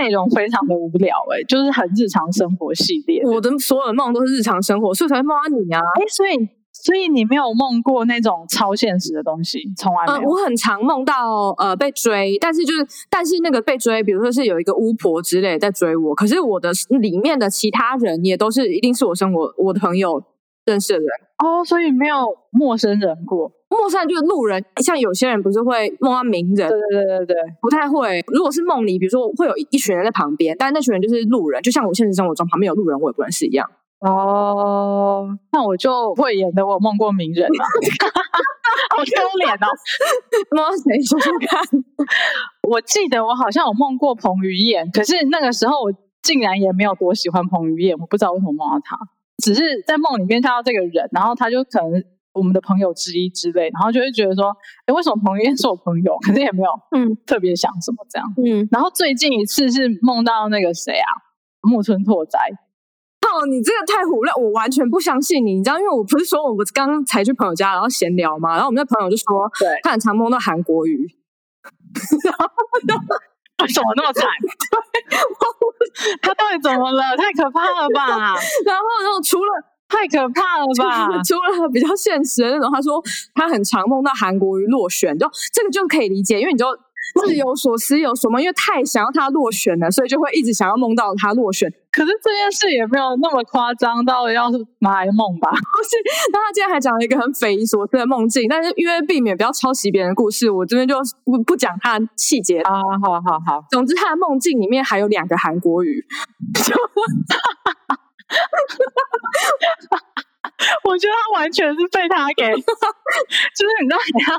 內 容非常的無聊哎、欸，就是很日常生活系列。 我的所有的夢都是日常生活，所以才會夢到你啊！哎、欸，所以所以你沒有夢過那種超現實的東西，從來沒有。呃、我很常夢到呃被追，但是就是但是那個被追，比如說是有一個巫婆之類的在追我，可是我的裡面的其他人也都是一定是我生活我的朋友認識的人。哦，oh, 所以沒有陌生人過，陌生人就是路人。像有些人不是會夢到名人？對對對對對，不太會。如果是夢裡，比如說會有一群人在旁邊，但是那群人就是路人，就像我現實生活中旁邊有路人，我也不認識一樣。哦，oh, 那我就會演的，我有夢過名人啊，好丟臉哦。夢誰？說說看。我記得我好像有夢過彭於晏，可是那個時候我竟然也沒有多喜歡彭於晏，我不知道為什麼夢到他。只是在夢裡面看到這個人，然後他就可能我們的朋友之一之類，然後就會覺得說，哎、欸，為什麼彭於晏是我朋友？可是也沒有，嗯，特別想什麼這樣，嗯。嗯，然後最近一次是夢到那個誰啊，木村拓哉。哦，你這個太胡了，我完全不相信你。你知道，因為我不是說，我我剛才去朋友家，然後閒聊嘛，然後我們那朋友就說，對他很常夢到韓國瑜。 為什麼那麼慘？ 他到底怎麼了？太可怕了吧！ 然後那種，然後除了太可怕了吧，除了比較現實的那種，他說他很常夢到韓國瑜落選，就這個就可以理解，因為你就日、就是、有所思，夜有所夢，因為太想要他落選了，所以就會一直想要夢到他落選。可是這件事也沒有那麼誇張，到底要買夢吧。然 後他今天還講了一個很匪夷所思的夢境，但是因為避免不要抄襲別人的故事，我這邊就不不講他的細節啊。好好好，好好總之他的夢境裡面還有兩個韓國瑜，就 我覺得他完全是被他給， 就是你知道他還要，他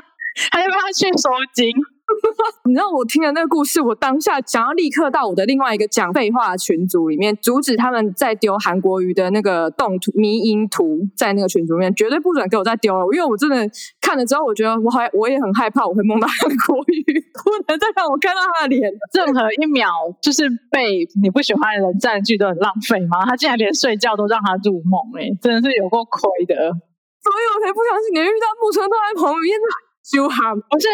他就被他去收集。 你知道我聽了那個故事，我當下想要立刻到我的另外一個講廢話的群組裡面，阻止他們再丟韓國瑜的那個動圖迷因圖，在那個群組裡面絕對不准給我再丟了，因為我真的看了之後，我覺得我好，我也很害怕，我會夢到韓國瑜， 不能再讓我看到他的臉，任何對一秒就是被你不喜歡的人占據都很浪費嗎？他竟然連睡覺都讓他入夢，哎，真的是有夠虧的，所以我才不相信，你遇到木村都在旁邊就喊不是。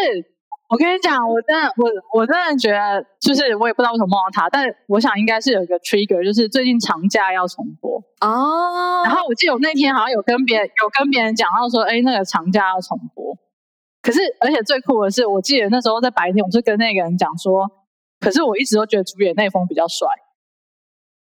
我跟你講，我真的我我真的覺得，就是我也不知道為什麼夢到他，但我想應該是有一個 trigger，就是最近長假要重播哦。然後我記得我那天好像有跟別人有跟別人講到說，哎，那個長假要重播。可是而且最酷的是，我記得那時候在白天，我是跟那個人講說，可是我一直都覺得竹野內豐比較帥。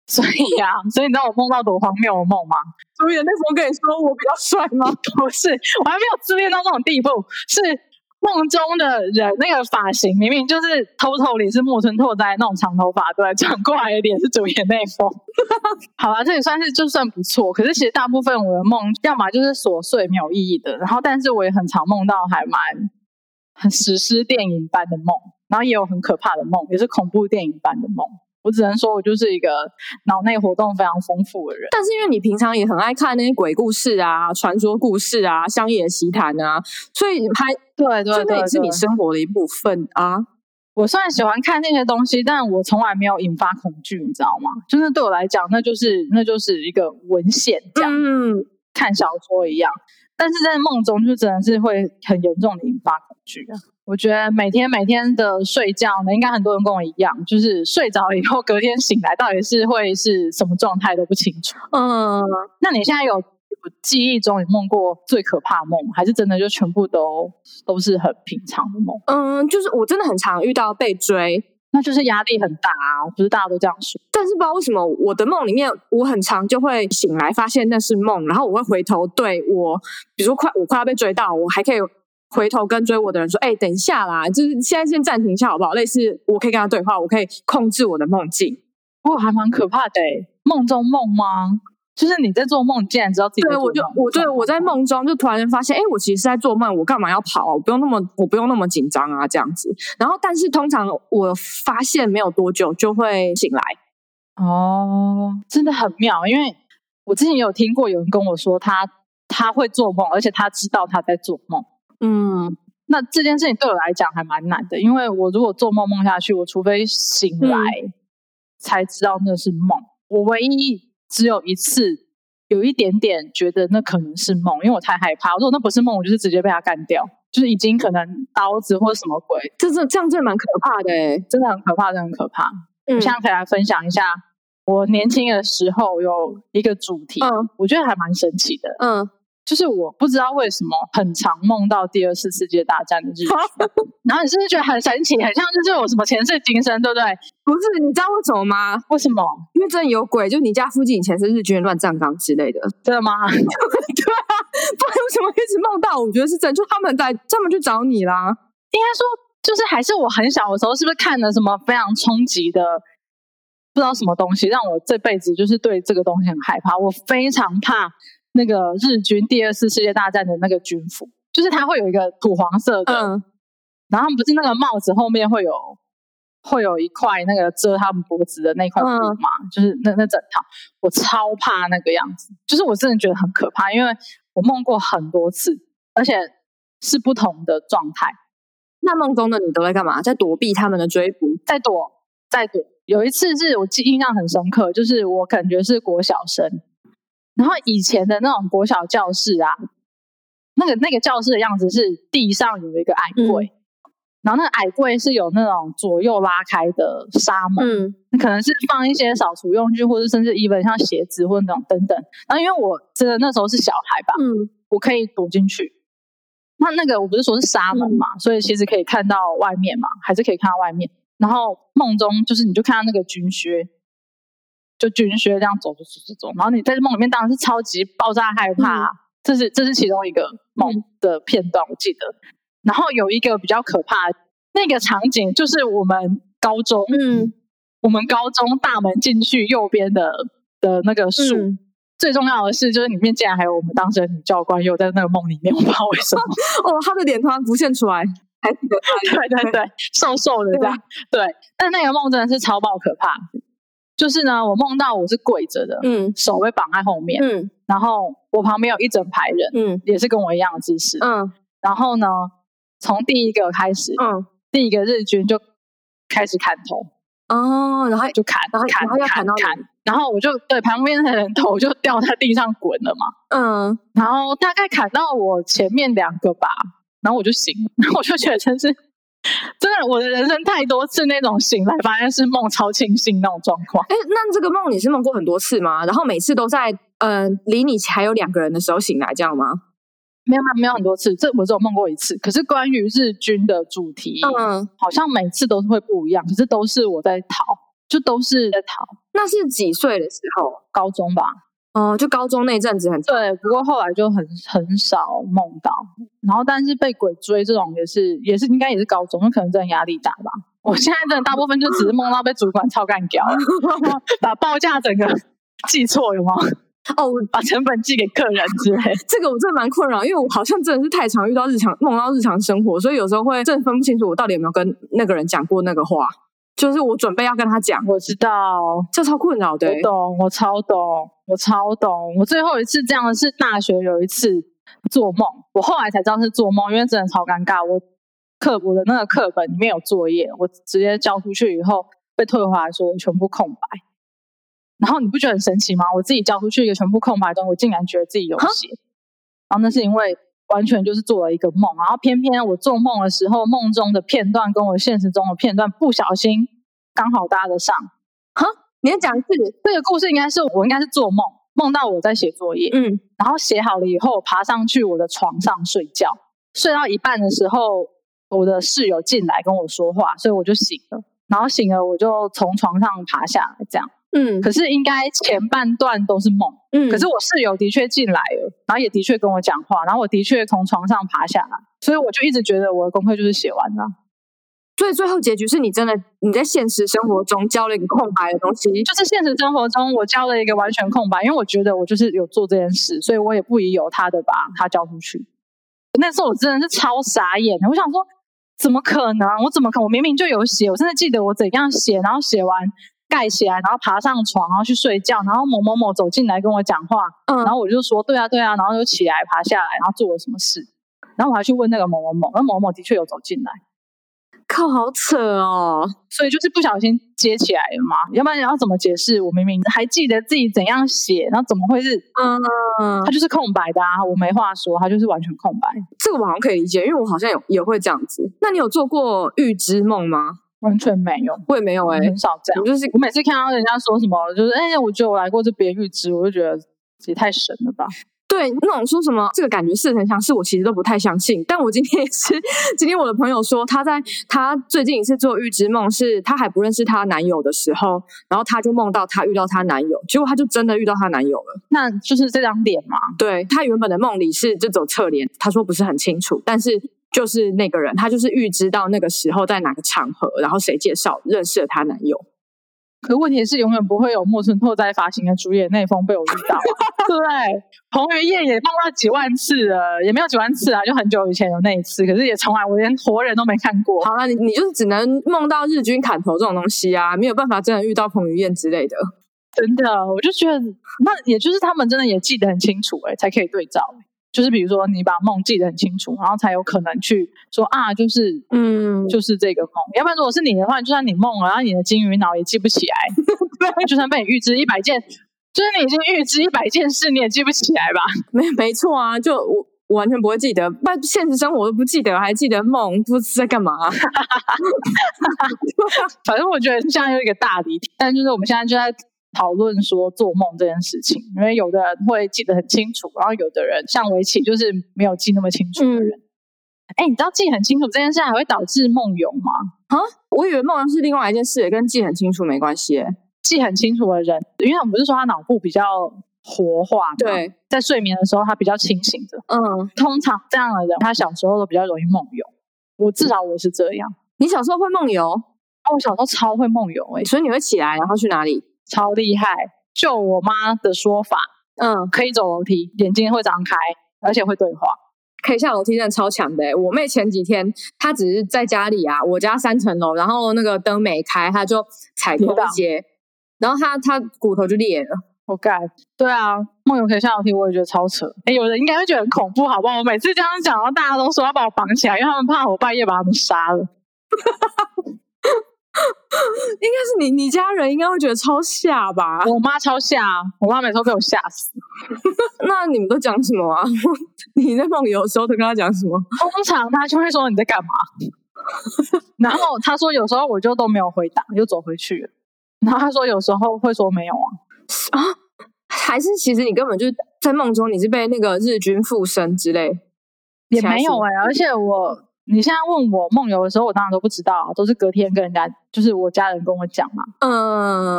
所以呀、啊，所以你知道我夢到多荒謬的夢嗎？竹野內豐跟你說我比較帥嗎？不 是，我還沒有自戀到那種地步，是。夢中的人，那個髮型明明就是偷偷裡是木村拓哉那種長頭髮，對，轉過來一點是主演那風。 好啦、啊、這也算是就算不錯，可是其實大部分我的夢，要麼就是瑣碎沒有意義的，然後但是我也很常夢到還蠻很史詩電影般的夢，然後也有很可怕的夢，也是恐怖電影般的夢。我只能說我就是一個腦內活動非常豐富的人，但是因為你平常也很愛看那些鬼故事啊、傳說故事啊、鄉野奇談啊，所以你拍、嗯、對，對，對，對對，那也是你生活的一部分啊。我雖然喜歡看那些東西，但我從來沒有引發恐懼，你知道嗎？就是對我來講，那就是那就是一個文獻這樣，嗯、看小說一樣，但是在夢中就真的是會很嚴重的引發恐懼啊。我覺得每天每天的睡覺呢，應該很多人跟我一樣，就是睡着以後隔天醒來，到底是會是什麼狀態都不清楚。嗯，那你現在有，有記憶中有夢過最可怕夢，還是真的就全部都都是很平常的夢？嗯，就是我真的很常遇到被追，那就是壓力很大啊，我不是大家都這樣說。但是不知道為什麼我的夢裡面，我很常就會醒來發現那是夢，然後我會回頭對我，比如說我快我快要被追到，我還可以。回頭跟追我的人說：“哎、欸，等一下啦，就是現在先暫停一下，好不好？類似我可以跟他對話，我可以控制我的夢境。不過還蠻可怕的，夢中夢嗎？就是你在做夢，竟然知道自己在做夢。對，我就，我，對，我在夢中就突然發現，哎、欸，我其實是在做夢，我幹嘛要跑？我不用那麼，我不用那麼緊張啊，這樣子。然後，但是通常我發現沒有多久就會醒來。哦，真的很妙，因為我之前也有聽過有人跟我說他，他他會做夢，而且他知道他在做夢。”嗯，那這件事情對我來講還蠻難的，因為我如果做夢夢下去，我除非醒來、嗯、才知道那是夢。我唯一只有一次有一點點覺得那可能是夢，因為我太害怕。如果那不是夢，我就是直接被他幹掉，就是已經可能刀子或什麼鬼，這這這樣真的蠻可怕的、欸，真的很可怕，真的很可怕。嗯、我現在可以來分享一下我年輕的時候有一個主題，嗯、我覺得還蠻神奇的，嗯。就是我不知道為什麼很常夢到第二次世界大戰的日子， 然後你是不是覺得很神奇，很像就是我什麼前世今生，對不對？不是，你知道為什麼嗎？為什麼？因為真的有鬼，就你家附近以前是日軍亂葬崗之類的，真的嗎？ 對、啊，不然為什麼一直夢到，我覺得是真的，就他們在專門去找你啦、啊。應該說，就是還是我很小的時候，是不是看了什麼非常衝擊的，不知道什麼東西，讓我這輩子就是對這個東西很害怕，我非常怕。那個日軍第二次世界大戰的那個軍服，就是他會有一個土黃色的，嗯、然後不是那個帽子後面會有，會有一塊那個遮他們脖子的那塊布嘛，嗯、就是那那整套，我超怕那個樣子，就是我真的覺得很可怕，因為我夢過很多次，而且是不同的狀態。那夢中的你都在幹嘛？在躲避他們的追捕，在躲，在躲。有一次是我記印象很深刻，就是我感覺是國小生。然後以前的那種國小教室啊，那個那個教室的樣子是地上有一個矮櫃，嗯、然後那個矮櫃是有那種左右拉開的紗門，嗯、可能是放一些掃除用具，或者甚至 even 像鞋子或者那種等等。然後因為我真的那時候是小孩吧，嗯、我可以躲進去。那那個我不是說是紗門嘛，嗯、所以其實可以看到外面嘛，還是可以看到外面。然後夢中就是你就看到那個軍靴。就軍靴這樣走就走就走，然後你在夢裡面當然是超級爆炸害怕、啊，嗯、這是這是其中一個夢的片段，嗯、我記得。然後有一個比較可怕那個場景，就是我們高中，嗯，我們高中大門進去右邊的的那個樹，嗯、最重要的是就是裡面竟然還有我們當時的女教官，又在那個夢裡面，我不知道為什麼， 哦，她的臉突然浮現出來，還 是對，對對對，瘦瘦的這樣，嗯、對，但那個夢真的是超爆可怕。就是呢，我夢到我是跪着的，嗯，手被綁在後面，嗯，然後我旁邊有一整排人，嗯，也是跟我一樣的姿勢，嗯，然後呢，從第一個開始，嗯，第一個日軍就開始砍頭，哦，然後就砍，砍，砍，砍，砍，然後我就對旁邊的人頭就掉在地上滾了嘛，嗯，然後大概砍到我前面兩個吧，然後我就醒了， 然後我就覺得真是。真的，我的人生太多次那種醒來，發現是夢超清新那種狀況。哎，那這個夢你是夢過很多次嗎？然後每次都在嗯、呃，離你還有兩個人的時候醒來，這樣嗎？沒有沒、啊、有沒有很多次，這我只有夢過一次。可是關於日軍的主題，嗯、啊，好像每次都是會不一樣，可是都是我在逃，就都是在逃。那是幾歲的時候？高中吧。哦、呃，就高中那陣子很。對，不過後來就很很少夢到，然後但是被鬼追這種也是也是應該也是高中，可能真的壓力大吧。我現在真的大部分就只是夢到被主管超幹掉， 把報價整個記錯有嗎？ 哦，把成本寄給客人之類。這個我真的蠻困擾，因為我好像真的是太常遇到日常夢到日常生活，所以有時候會真的分不清楚我到底有沒有跟那個人講過那個話。就是我準備要跟他講，我知道這超困擾的欸。我懂,我超懂,我超懂。我最後一次這樣是大學有一次做夢，我後來才知道是做夢，因為真的超尷尬。我課我的那個課本裡面有作業，我直接交出去以後被退回來說全部空白。然後你不覺得很神奇嗎？我自己交出去一個全部空白的中，我竟然覺得自己有寫。蛤然後那是因為。完全就是做了一個夢，然後偏偏我做夢的時候，夢中的片段跟我現實中的片段不小心剛好搭得上。哈，你先講一次。這個故事應該是我應該是做夢，夢到我在寫作業，嗯，然後寫好了以後爬上去我的床上睡覺，睡到一半的時候我的室友進來跟我說話，所以我就醒了，然後醒了我就從床上爬下來這樣。嗯，可是應該前半段都是夢。嗯，可是我室友的確進來了，然後也的確跟我講話，然後我的確從床上爬下來，所以我就一直覺得我的功課就是寫完了。所以最後結局是你真的，你在現實生活中交了一個空白的東西？就是現實生活中我交了一個完全空白，因為我覺得我就是有做這件事，所以我也不疑有他的，把他交出去。那時候我真的是超傻眼的，我想說怎麼可能？我怎麼可能？我明明就有寫，我真的記得我怎樣寫，然後寫完。蓋起來，然後爬上床，然後去睡覺，然後某某某走進來跟我講話，嗯、然後我就說對啊對啊，然後就起來爬下來，然後做了什麼事，然後我還去問那個某某某，那某某的確有走進來，靠，好扯哦，所以就是不小心接起來了嘛，要不然你要怎麼解釋？我明明還記得自己怎樣寫，然後怎麼會是？嗯，他就是空白的啊，我沒話說，他就是完全空白。這個我好像可以理解，因為我好像也也會這樣子。那你有做過預知夢嗎？完全沒有，我也沒有、欸，很少這樣。就是我每次看到人家說什麼，就是哎、欸，我覺得我來過這邊預知，我就覺得也太神了吧。對，那種說什麼這個感覺似曾相識，我其實都不太相信。但我今天也是，今天我的朋友說他在他最近一次做預知夢是，是他還不認識他男友的時候，然後他就夢到他遇到他男友，結果他就真的遇到他男友了。那就是這張臉嘛，對，他原本的夢裡是這種側臉，他說不是很清楚，但是。就是那個人，他就是預知到那個時候在哪個場合，然後誰介紹認識了她男友。可問題是，永遠不會有《木村拓哉在髮型的主演那一封被我遇到，對不 對？彭於晏也夢到幾萬次了，也沒有幾萬次啊，就很久以前有那一次，可是也從來我連活人都沒看過。好了、啊，你你就是只能夢到日軍砍頭這種東西啊，沒有辦法真的遇到彭於晏之類的。真的，我就覺得那也就是他們真的也記得很清楚、欸，哎，才可以對照。就是比如說，你把夢記得很清楚，然後才有可能去說啊，就是嗯，就是這個夢。要不然，如果是你的話，就算你夢了，然後你的金魚腦也記不起來。 就算被你預知一百件，就是你已經預知一百件事，你也記不起來吧？沒沒錯啊，就我我完全不會記得，現實生活都不記得，還記得夢不知道在幹嘛。 反正我覺得這樣又一個大離題，但是就是我們現在就在討論說做夢這件事情，因為有的人會記得很清楚，然後有的人像薇琪就是沒有記那麼清楚的人。誒、嗯，欸、你知道記很清楚這件事還會導致夢遊嗎？啊蛤，我以為夢遊是另外一件事，也跟記很清楚沒關係。哎，記很清楚的人，因為我們不是說他腦部比較活化嗎？對，在睡眠的時候他比較清醒的。嗯，通常這樣的人他小時候都比較容易夢遊。我至少我是這樣。嗯、你小時候會夢遊？我小時候超會夢遊哎、欸，所以你會起來然後去哪裡？超厲害！就我媽的說法，嗯，可以走樓梯，眼睛會張開，而且會對話，可以下樓梯，真的超強的、欸。我妹前幾天，她只是在家裡啊，我家三層樓，然後那個燈沒開，她就踩空一階，到然後她她骨頭就裂了。我幹！對啊，夢遊可以下樓梯，我也覺得超扯。哎、欸，有人應該會覺得很恐怖，好不好？我每次這樣講，然後大家都說要把我綁起來，因為他們怕我半夜把他們殺了。 應該是你，你家人應該會覺得超嚇吧？我媽超嚇，我媽每次都被我嚇死。 那你們都講什麼、啊？你在夢遊的時候都跟她講什麼？通常她就會說你在幹嘛， 然後她說有時候我就都沒有回答，就走回去。然後她說有時候會說沒有啊啊，還是其實你根本就在夢中，你是被那個日軍附身之類？也沒有哎、欸，而且我。你現在問我夢遊的時候，我當然都不知道、啊，都是隔天跟人家，就是我家人跟我講嘛。嗯、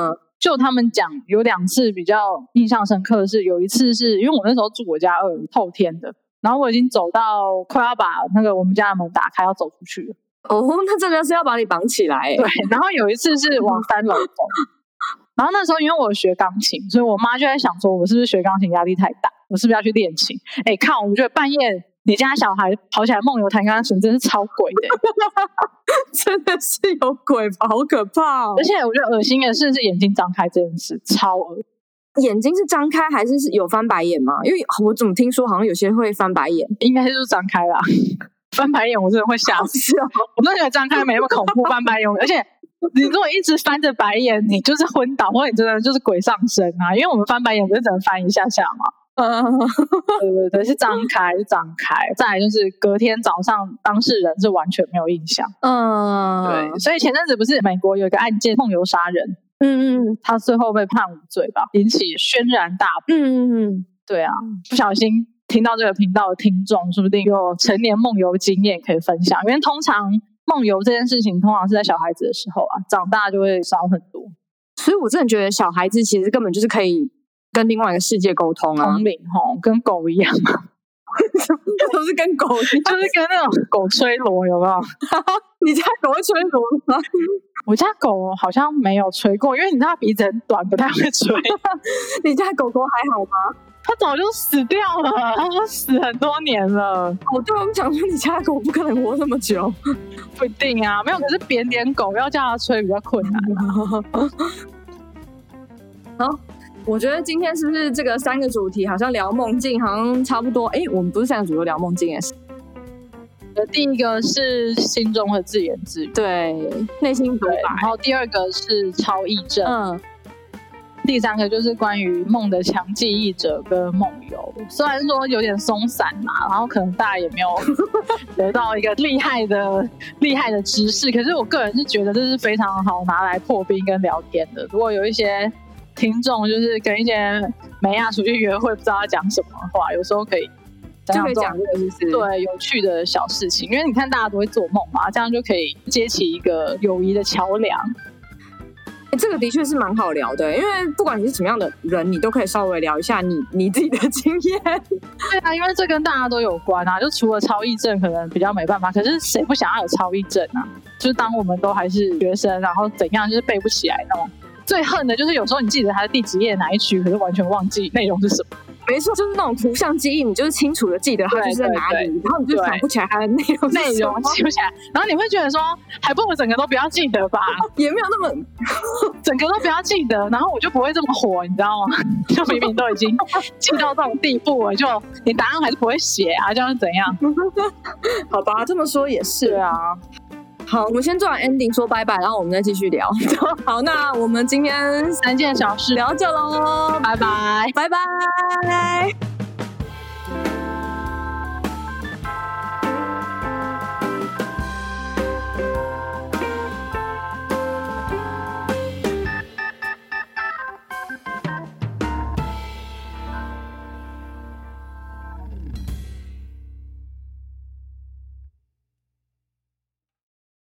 呃，就他們講有兩次比較印象深刻的是，有一次是因為我那時候住我家二樓透天的，然後我已經走到快要把那個我們家的門打開要走出去了。哦，那真的是要把你綁起來。對，然後有一次是往三樓走， 然後那時候因為我學鋼琴，所以我媽就在想說，我是不是學鋼琴壓力太大，我是不是要去練琴？哎，看我們就半夜。你家小孩跑起來夢遊彈鋼琴，真是超鬼的、欸， 真的是有鬼吧，好可怕哦！而且我覺得噁心的是，眼睛張開，真的是超噁心。眼睛是張開，還是是有翻白眼嗎？因為我怎麼聽說好像有些會翻白眼，應該就是張開啦。 翻白眼我真的會嚇死， 我總覺得張開沒那麼恐怖，翻白眼， 而且你如果一直翻着白眼，你就是昏倒，或者你真的就是鬼上身啊！因為我們翻白眼就只能翻一下下嘛。嗯，uh, 對對對，是張開，是張開。再來就是隔天早上，當事人是完全沒有印象。嗯，uh, 對。所以前陣子不是美國有一個案件夢遊殺人，嗯嗯，嗯他最後被判無罪吧，引起軒然大波。嗯嗯嗯，對啊，嗯、不小心聽到這個頻道的聽眾，說不定有成年夢遊經驗可以分享，因為通常夢遊這件事情通常是在小孩子的時候啊，長大就會少很多。所以我真的覺得小孩子其實根本就是可以。跟另外一個世界溝通啊，同理哈，跟狗一樣，為什麼 都是跟狗一樣，就是跟那種狗吹螺有沒有？ 你家狗會吹螺嗎？ 我家狗好像沒有吹過，因為你知道它鼻子很短，不太會吹。 你家狗狗還好嗎？它 早就死掉了，它都死很多年了。我就很想說，你家的狗不可能活那麼久， 不一定啊，沒有。可是扁點狗要叫它吹比較困難，啊。好、 啊。我覺得今天是不是這個三個主題好像聊夢境，好像差不多。哎，我們不是三個主題聊夢境，也是。第一個是心中和自言自語，對，內心獨白。對，然後第二個是超憶症，嗯。第三個就是關於夢的強記憶者跟夢遊，雖然說有點鬆散嘛，然後可能大家也沒有得 到一個厲害的厲害的知識，可是我個人是覺得這是非常好拿來破冰跟聊天的。如果有一些。聽眾就是跟一些妹仔出去約會，不知道要講什麼話，有時候可以就可以講這個意思，對，有趣的小事情，因為你看大家都會做夢嘛，這樣就可以接起一個友誼的橋樑。這個的確是蠻好聊的，因為不管你是什麼樣的人，你都可以稍微聊一下你你自己的經驗。對啊，因為這跟大家都有關啊，就除了超憶症可能比較沒辦法，可是誰不想要有超憶症啊？就是當我們都還是學生，然後怎樣就是背不起來那種。最恨的就是有時候你記得它的第幾頁哪一曲，可是完全忘記內容是什麼。沒錯，就是那種圖像記憶，你就是清楚的記得它就是在哪裡，對對對，然後你就想不起來它的內容內容記不起來，然後你會覺得說，還不如整個都不要記得吧，也沒有那麼 整個都不要記得，然後我就不會這麼火，你知道嗎？就明明都已經進到這種地步了，就你答案還是不會寫，啊，這樣是怎樣？ 好吧，這麼說也是啊。好，我們先做完 ending，說拜拜，然後我們再繼續聊。好，那我們今天三件小事聊這嘍，拜拜，拜拜。